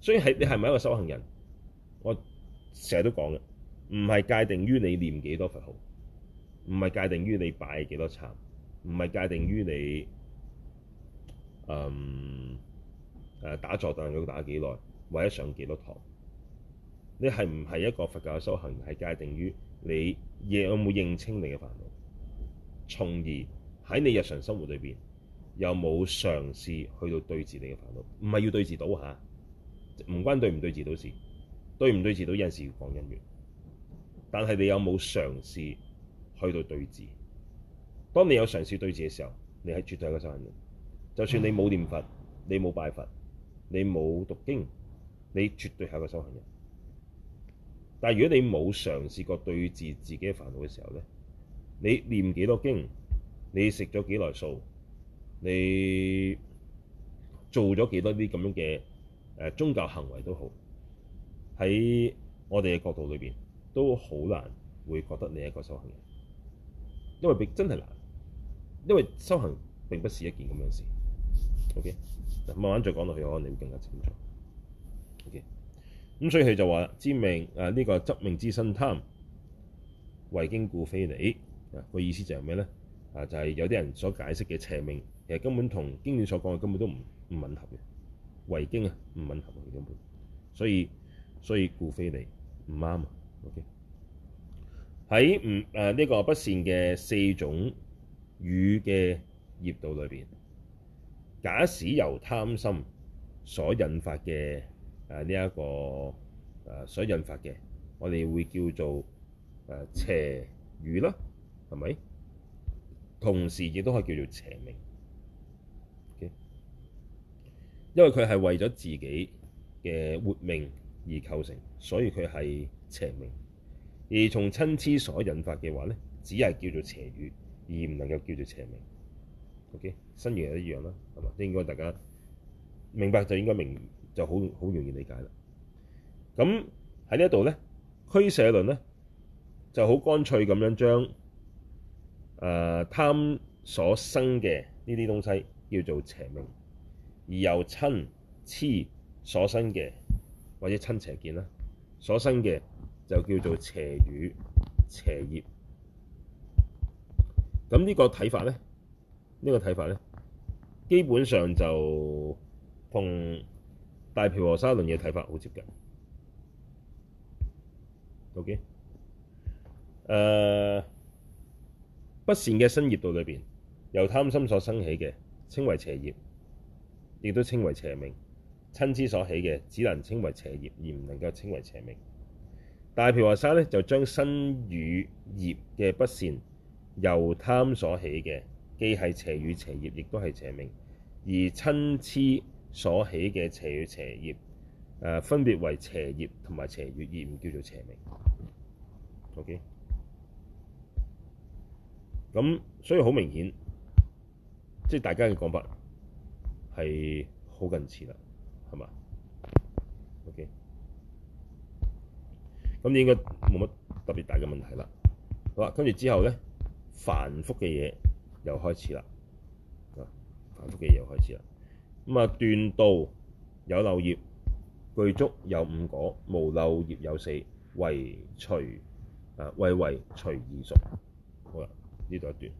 所以你係咪一個修行人？我成日都講嘅，唔係界定於你念幾多佛號，唔係界定於你拜幾多懺。唔係界定於你，誒、嗯、誒、啊、打坐，但係要打幾耐，或者上幾多堂。你係唔係一個佛教嘅修行？係界定於你有冇認清你嘅煩惱，從而喺你日常生活裏邊，有冇嘗試去到對治你嘅煩惱？唔係要對治到嚇，唔關對唔對治到事，對唔對治到有陣時要講因緣，但係你有冇嘗試去到對治？當你有嘗試對治嘅時候，你係絕對係個修行人。就算你冇念佛，你冇拜佛，你冇讀經，你絕對係個修行人。但係如果你冇嘗試過對治自己嘅煩惱嘅時候咧，你念幾多經，你食咗幾耐素，你做咗幾多啲咁樣嘅誒宗教行為都好，喺我哋嘅角度裏邊都好難會覺得你係一個修行人，因為你真係難。因為修行並不是一件咁樣嘅事，OK 嗱，慢慢再講落去，可能你會更加清楚。OK 咁，所以佢就話知命啊，呢、這個執命資貪生違經故非理啊。個意思就係咩咧？啊，就係、是、有啲人所解釋嘅邪命，其實根本同經典所講嘅根本都唔唔吻合嘅，違經啊唔吻合嘅根本，所以所以故非理唔啱、okay? 啊。OK 喺唔誒呢個不善嘅四種。語嘅業道裏邊，假使由貪心所引發嘅誒呢一個誒、啊、所引發嘅，我哋會叫做誒、啊、邪語啦，係咪？同時亦都可以叫做邪命，okay? 因為佢係為咗自己嘅活命而構成，所以佢係邪命。而從瞋痴所引發嘅話咧，只係叫做邪語。而唔能夠叫做邪命，OK？身緣係一樣啦，係嘛？應該大家明白就應該明，就好好容易理解啦。咁喺呢一度咧，俱舍論咧就好乾脆咁樣將誒、呃、貪所生嘅呢啲東西叫做邪命，而由瞋痴所生嘅或者瞋邪見啦，所生嘅就叫做邪語、邪業。咁呢，這個睇法咧，呢個睇法咧，基本上就同大毗婆沙論嘅睇法好接近。OK，誒、uh，不善嘅身業道裏邊，由貪心所生起嘅，稱為邪業，亦都稱為邪命。瞋痴所起嘅，只能稱為邪業，而唔能夠稱為邪命。大毗婆沙咧，就將身語業嘅不善，由貪所起嘅既係邪語邪業，亦都係邪命；而瞋痴所起嘅邪語邪業，誒、呃、分別為邪業同埋邪語，而唔叫做邪命。OK，咁所以好明顯，即係大家嘅講法係好近似啦，係嘛？OK，咁應該冇乜特別大嘅問題啦。好啦，跟住之後咧。繁複嘅嘢又開始啦，啊！繁複嘅嘢又開始啦。咁啊，斷道有漏業，具足有五果，無漏業有四，唯除啊，謂唯除異熟。好啦，呢度一段。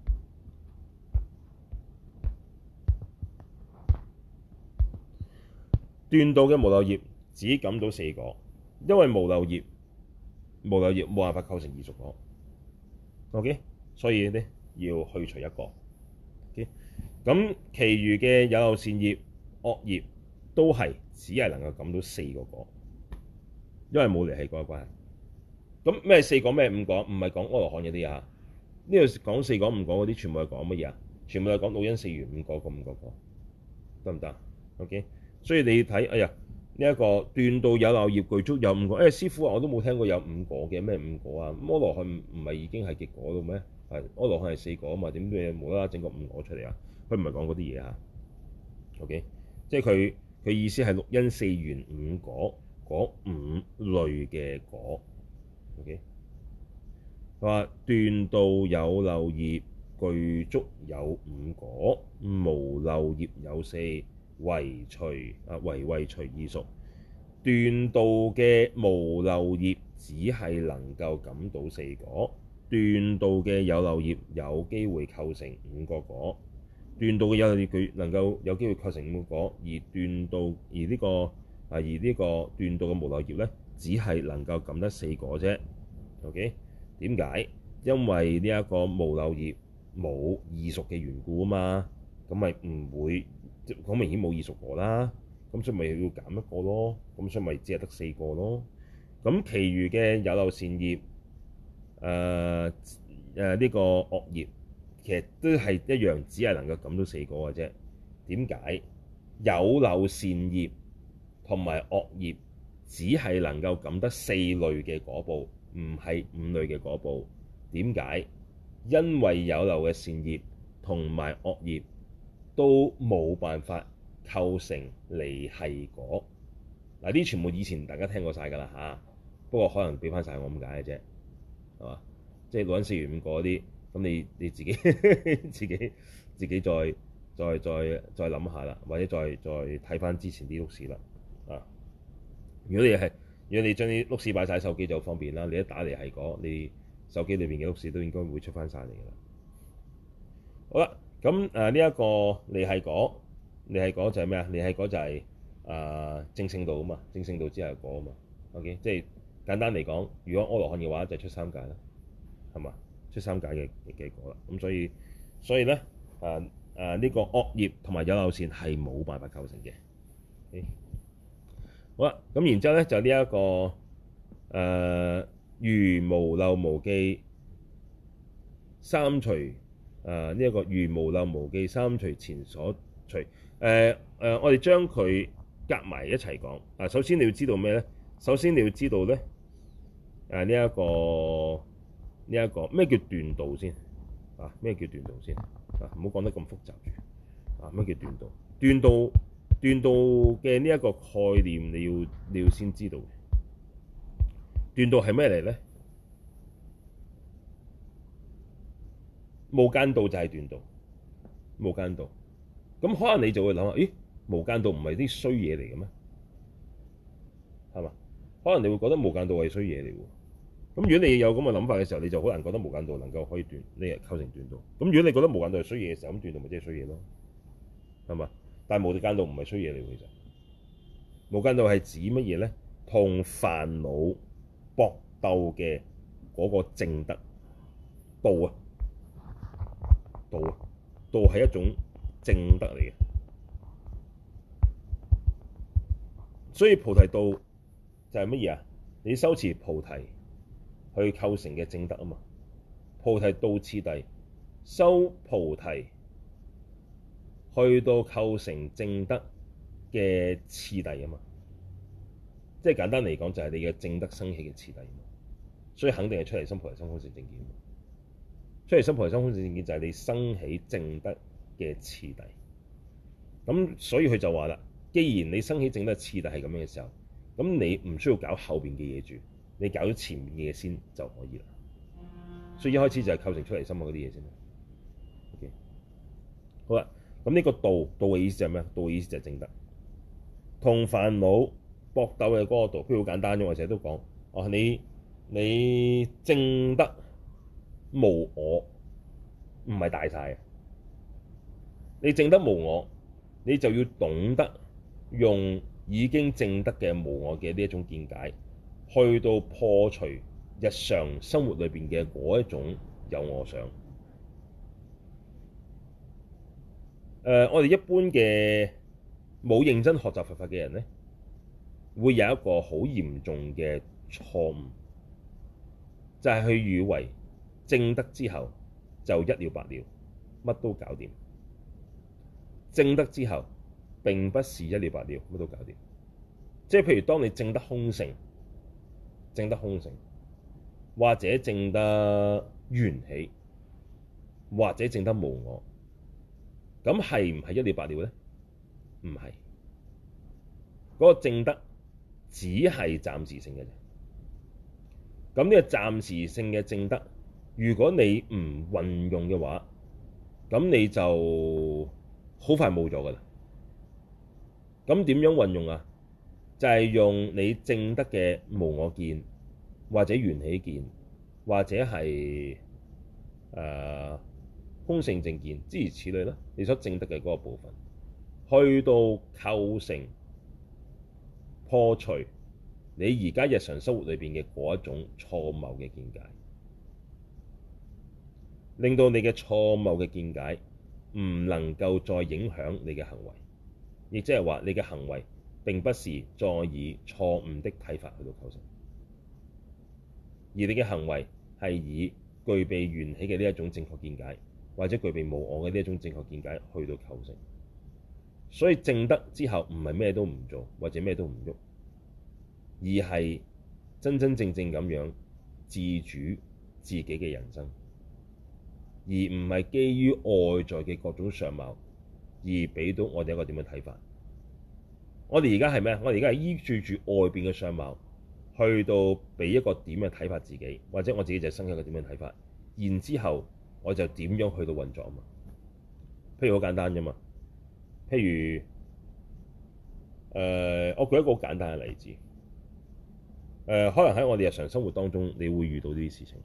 斷道嘅無漏業只感到四果，因為無漏業,業無漏業冇辦法構成異熟果。OK。所以呢要去除一個，咁、okay？其餘嘅有漏善業惡業都係只係能夠感到四個果，因為冇離繫關係。咁咩四個咩五個？唔係講阿羅漢嗰啲啊。呢度講四個五個嗰啲，全部係講乜嘢啊？全部係講六因四緣五果個五個果得唔得？OK，所以你睇哎呀呢一、這個斷道有漏業具足有五個。哎、欸，師父，話我都冇聽過有五個嘅咩五個啊？阿羅漢唔唔係已經係結果了咩？係安羅漢係四果啊嘛，點解冇啦啦整個五果出嚟啊？佢唔係講嗰啲嘢嚇。OK，即係佢佢意思係六因四緣五果嗰五類嘅果。OK，佢話斷道有漏業，具足有五果，無漏業有四，唯除啊唯唯除異熟。斷道嘅無漏業只係能夠感到四果。斷道嘅有漏業有機會構成五個果，斷道嘅有漏業佢能夠有機會構成五個果，而斷道而呢個啊而呢個斷道嘅無漏業咧，只係能夠揼得四個啫。OK，點解？因為呢一個無漏業冇異熟嘅緣故啊嘛，咁咪唔會即好明顯冇異熟果啦。咁所以咪要減一個咯，咁所以咪只係得四個咯。咁，其餘嘅有漏善業。誒誒，呢個惡業其實都係一樣，只係能夠感到四個嘅啫。點解？有漏善業同埋惡業只係能夠感得四類嘅果報，唔係五類嘅果報？點解？因為有漏嘅善業同埋惡業都冇辦法構成離繫果嗱，呢啲全部以前大家聽過晒㗎啦嚇。不過可能俾翻晒我咁解嘅啫。係即係個人食完五個嗰啲，咁你你自己呵呵自己自己再再再再諗下啦，或者再再睇翻之前啲碌士啦。啊，如果你係，如果你將啲碌士擺晒手機就好方便啦。你一打嚟係嗰，你手機裏邊嘅碌士都應該會出翻晒嚟㗎啦。好啦，咁誒呢一個你係嗰，你係嗰就係咩、就是、啊？你係嗰就係啊正勝到啊嘛，正勝到之後嗰啊嘛。O、okay? K，即係。簡單嚟講，如果阿羅漢嘅話，就係、出三界啦，係嘛？出三界嘅嘅結果啦，咁所以所以咧，誒誒呢個惡業同埋有漏善係冇辦法構成嘅。好啦，咁然之後咧就呢、這、一個誒、啊、餘無漏無記三除，誒呢一個餘無漏無記三除前所除，誒、啊、誒、啊、我哋將佢夾埋一齊講。啊，首先你要知道咩咧？首先你要知道咧。誒呢一個呢一個咩叫斷道先啊？咩叫斷道先啊？唔好講得咁複雜住啊！咩叫斷道？斷道斷道嘅呢一個概念，你要你要先知道嘅。斷道係咩嚟咧？無間道就係斷道，無間道。咁可能你就會諗啊，咦，無間道唔係啲衰嘢嚟嘅咩？係嘛？可能你會覺得無間道係衰嘢嚟喎。咁如果你有咁嘅諗法嘅時候，你就好難覺得無間道能夠可以斷，你構成斷道。咁如果你覺得無間道係衰嘢嘅時候，咁斷道，咪即係衰嘢咯，係嘛？但係無間道唔係衰嘢嚟㗎，會其實無間道係指乜嘢咧？同煩惱搏鬥嘅嗰個證得道啊，道啊，道係一種證得嚟嘅。所以菩提道就係乜嘢啊？你修持菩提。去構成嘅正德啊嘛，菩提到次第，修菩提去到構成正德嘅次第啊嘛，即係簡單嚟講就係、是、你嘅正德生起嘅次第，所以肯定係出嚟心菩提生空性正見。出嚟心菩提生空性正見，就係你生起正德嘅次第，咁所以佢就話啦，既然你生起正德次第係咁樣嘅時候，咁你唔需要搞後邊嘅嘢住。你搞到前面嘅嘢先就可以啦，所以一開始就係構成出嚟心物嗰啲嘢先 OK，好啦，咁呢個道，道嘅意思就係咩？道嘅意思就係證得，同煩惱搏鬥嘅嗰個道，佢好簡單啫。我成日都講，哦，你你證得無我，唔係大晒嘅，你證得無我，你就要懂得用已經證得嘅無我嘅呢一種見解。去到破除日常生活裏邊嘅嗰一種有我想。誒，我哋一般嘅冇認真學習佛法嘅人呢，會有一個好嚴重嘅錯誤，就係去以為證得之後就一了百了，乜都搞掂。證得之後並不是一了百了，乜都搞掂。即係譬如當你證得空性。證得空性，或者證得緣起，或者證得無我，咁係唔係一了百了咧？唔係，嗰、嗰個證得只係暫時性嘅啫。咁呢個暫時性嘅證得，如果你唔運用嘅話，咁你就好快冇咗噶啦。咁點樣運用啊？就係用你證得嘅無我見，或者緣起見，或者係誒、呃、空性正見，諸如此類啦。你所證得嘅嗰個部分，去到構成破除你而家日常生活裏邊嘅嗰一種錯謬嘅見解，令到你嘅錯謬嘅見解唔能夠再影響你嘅行為，亦即係話你嘅行為。並不是再以錯誤的睇法去到構成，而你嘅行為係以具備緣起嘅呢一種正確見解，或者具備無我嘅呢一種正確見解去到構成。所以證得之後唔係咩都唔做或者咩都唔喐，而係真真正正咁樣自主自己嘅人生，而唔係基於外在嘅各種相貌而俾到我哋一個點樣睇法。我哋而家係咩？我哋而家係依住住外邊嘅相貌，去到俾一個點樣睇法自己，或者我自己就係生一個點樣睇法，然之後我就點樣去到運作啊嘛？譬如好簡單啫嘛，譬如誒、呃，我舉一個好簡單嘅例子，呃、可能喺我哋日常生活當中，你會遇到呢啲事情，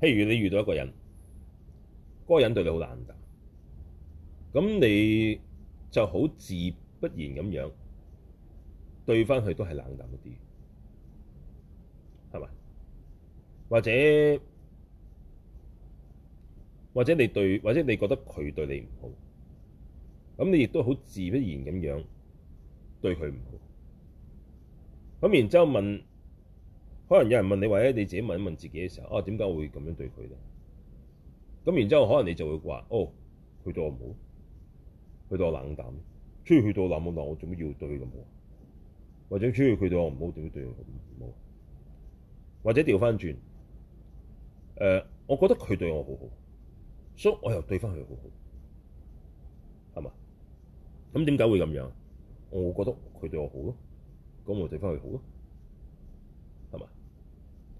譬如你遇到一個人，個、嗰個人對你好難得。咁你就好自不然咁樣對翻佢，都係冷淡一啲，係嘛？或者或者你對，或者你覺得佢對你唔好，咁你亦都好自不然咁樣對佢唔好。咁然之後問，可能有人問你，或者你自己問一問自己嘅時候，哦、啊，點解會咁樣對佢咧？咁然之後可能你就會話，哦，佢對我唔好。佢對我冷淡，雖然佢對我冷冇冷，我做乜要對佢咁好？或者雖然佢對我唔好，我做乜對佢咁好？或者調翻轉，誒、呃，我覺得佢對我好好，所以我又對翻佢好好，係嘛？咁點解會咁樣？我覺得佢對我好咯，咁我對翻佢好咯，係嘛？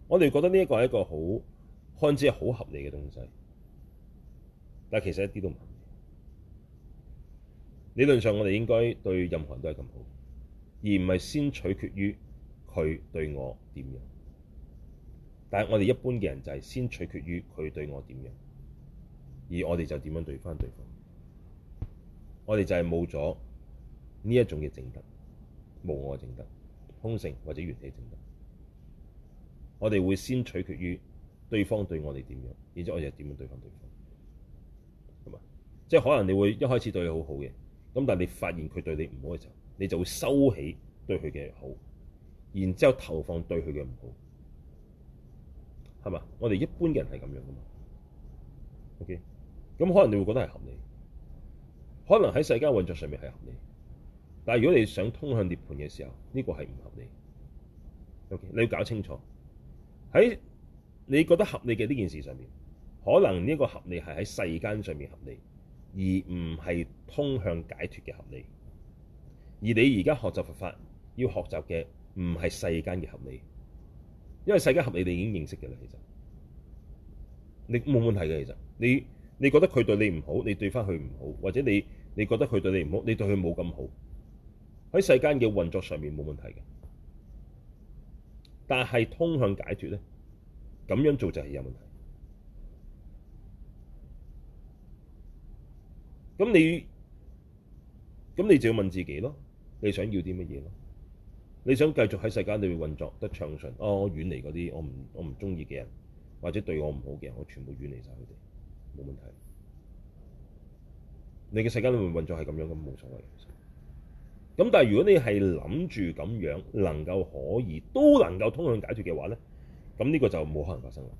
我哋覺得呢一個係一個好看似係好合理嘅東西，但係其實一啲都唔。理論上，我哋應該對任何人都係咁好，而唔係先取決於佢對我點樣。但係我哋一般嘅人就係先取決於佢對我點樣，而我哋就點樣對翻對方。我哋就係冇咗呢一種嘅正德，冇我嘅正德、空性或者圓體正德。我哋會先取決於對方對我哋點樣，然之後我哋點樣對翻對方。係嘛？即係可能你會一開始對佢好好嘅。咁但係你發現佢對你唔好嘅時候，你就會收起對佢嘅好，然之後投放對佢嘅唔好，係嘛？我哋一般嘅人係咁樣噶嘛？OK，咁可能你會覺得係合理，可能喺世間運作上面係合理，但係如果你想通向涅槃嘅時候，呢個係唔合理。OK，你要搞清楚喺你覺得合理嘅呢件事上面，可能呢個合理係喺世間上面合理。而唔係通向解脫嘅合理，而你而家學習佛法，要學習嘅唔係世間嘅合理，因為世間合理你已經認識嘅啦，其實你冇問題嘅其實，你你，你覺得佢對你唔好，你對翻佢唔好，或者你你覺得佢對你唔好，你對佢冇咁好，喺世間嘅運作上面冇問題嘅，但係通向解脫咧，咁樣做就係有問題。咁你，咁你就要問自己咯，你想要啲乜嘢咯？你想繼續喺世間裏面運作得暢順？哦，我遠離嗰啲我唔我唔中意嘅人，或者對我唔好嘅人，我全部遠離晒佢哋，冇問題。你嘅世間裏面運作係咁樣，咁冇所謂。咁但係如果你係諗住咁樣能夠可以都能夠通向解脫嘅話咧，咁呢個就冇可能發生啦。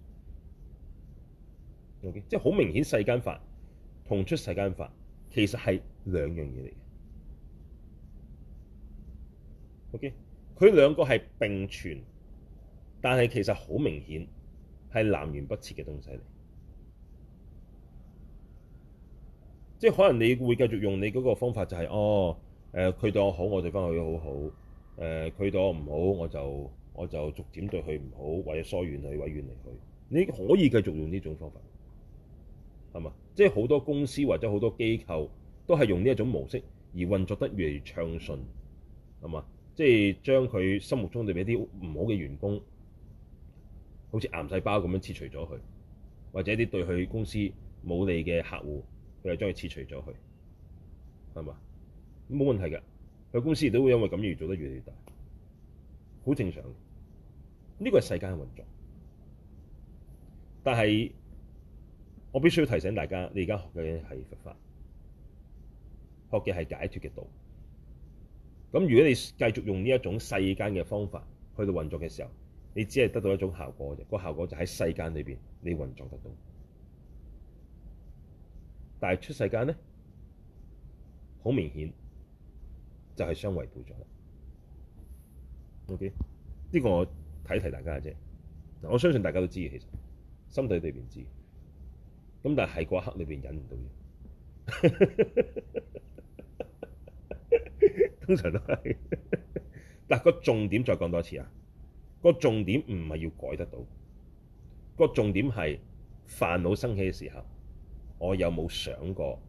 OK，即係好明顯世間法同出世間法。其實係兩樣嘢嚟嘅，OK，佢兩個係並存，但係其實好明顯係南轅北轍嘅東西嚟，即係可能你會繼續用你嗰個方法、就是，就係哦，誒、呃，佢對我好，我對翻佢好好，誒、呃，佢對我唔好，我就我就逐漸對佢唔好，或者疏遠佢，或遠離佢，你可以繼續用呢種方法。係嘛？即係好多公司或者好多機構都係用呢一種模式而運作得越嚟越暢順，係嘛？即係將佢心目中對比啲唔好嘅員工，好似癌細胞咁樣切除咗佢，或者啲對佢公司冇利嘅客戶，佢又將佢切除咗佢，係嘛？冇問題㗎，佢公司亦都會因為咁而做得越嚟越大，好正常。呢個係世間嘅運作，但係，我必須要提醒大家，你而家學嘅係佛法，學嘅係解脫嘅道。咁如果你繼續用呢一種世間嘅方法去到運作嘅時候，你只係得到一種效果嘅，個效果就喺世間裏邊你運作得到。但係出世間呢，好明顯就係相違背咗。O.K. 呢個我提提大家啫，我相信大家都知嘅，其實心底裏邊知。咁但係嗰一刻裏邊忍唔到嘢，通常都係。但係個重點再講多次啊！個重點唔係要改得到，個重點係煩惱生起嘅時候，我有冇想過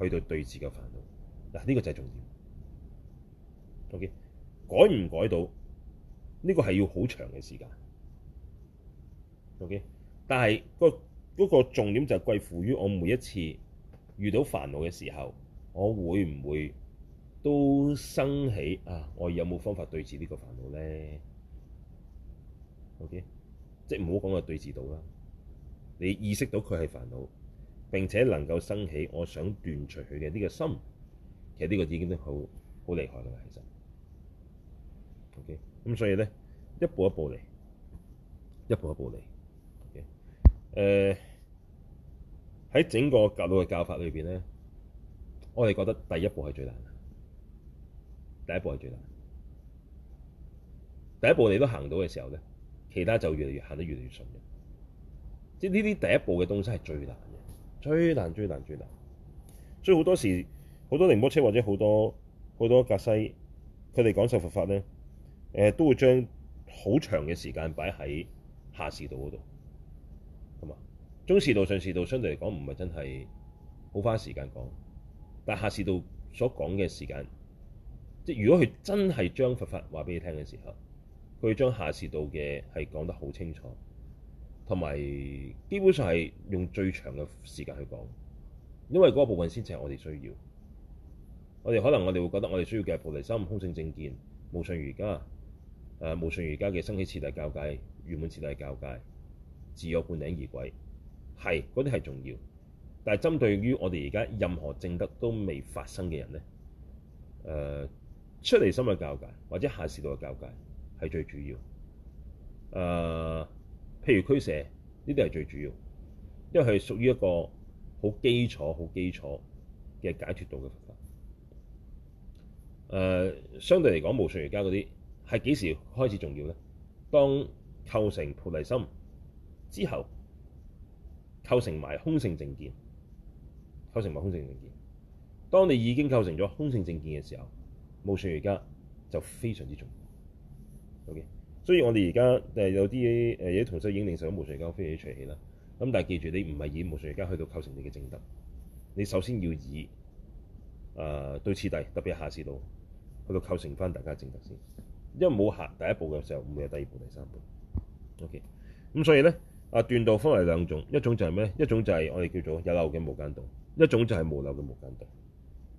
去到對治嘅煩惱？嗱，呢個就係重點。OK，改唔改到？呢個係要好長嘅時間。OK，但係個。嗰個重點就係貴乎於我每一次遇到煩惱嘅時候，我會唔會都生起啊？我有冇方法對治呢個煩惱咧？OK，即係唔好講話對治到啦。你意識到佢係煩惱，並且能夠生起我想斷除佢嘅呢個心，其實呢個已經都好好厲害嘅啦。其實 OK，咁所以咧，一步一步嚟，一步一步嚟。誒喺、呃、整個格魯嘅教法裏邊咧，我哋覺得第一步係最難第一步係最難，第一步你都行到嘅時候咧，其他就越嚟越行得越嚟越順嘅。即係呢啲第一步嘅東西係最難嘅，最難、最難、最難。所以好多時好多寧波車或者好多好多格西，佢哋講授佛法咧，誒、呃、都會將好長嘅時間擺喺下士道嗰度。中士道、上士道相對嚟講唔係真係好花時間講，但下士道所講嘅時間，即如果佢真係將佛法話俾你聽嘅時候，佢將下士道嘅係講得好清楚，同埋基本上係用最長嘅時間去講，因為嗰部分先至係我哋需要。我哋可能我哋會覺得我哋需要嘅係菩提心、空性正見、無上瑜伽、誒無上瑜伽嘅生起次第教誡、圓滿次第教誡、自我灌頂而歸。係嗰啲係重要，但係針對於我哋而家任何證德都未發生嘅人咧，誒、呃、出離心嘅教戒或者下士道嘅教戒係最主要。誒、呃，譬如驅舍，呢啲係最主要，因為係屬於一個好基礎、好基礎嘅解脫道嘅方法。誒、呃，相對嚟講，無常而家嗰啲係幾時開始重要咧？當構成菩提心之後。構成埋空性正見。構成埋空性正見，當你已經構成咗空性正見嘅時候，無常瑜伽就非常之重要。OK，所以我哋而家誒有啲誒有啲同修已經領受咗無常瑜伽非常之隨喜啦。咁但係記住，你唔係以無常瑜伽去到構成你嘅正德，你首先要以誒、呃、對次第，特別係下士道去到構成翻大家的正德先。因為冇下第一步嘅時候，唔會有第二步、第三步。OK，咁所以咧。啊！斷道分為兩種，一種就係咩？一種就係我哋叫做有漏嘅無間道，一種就係無漏嘅無間道。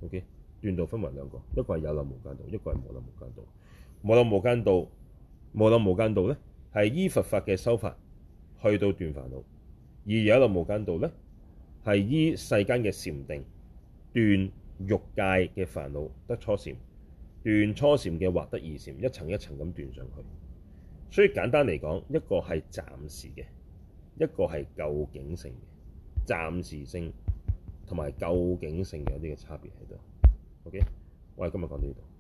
OK，斷道分為兩個，一個係有漏無間道，一個係無漏無間道。無漏無間道，無漏無間道咧係依佛法嘅修法去到斷煩惱，而有漏無間道咧係依世間嘅禪定斷欲界嘅煩惱得初禪，斷初禪嘅惑得二禪，一層一層咁斷上去。所以簡單嚟講，一個係暫時嘅。一個係究竟性嘅，暫時性同埋究竟性有啲嘅差別喺度。OK，我哋今日講到呢度。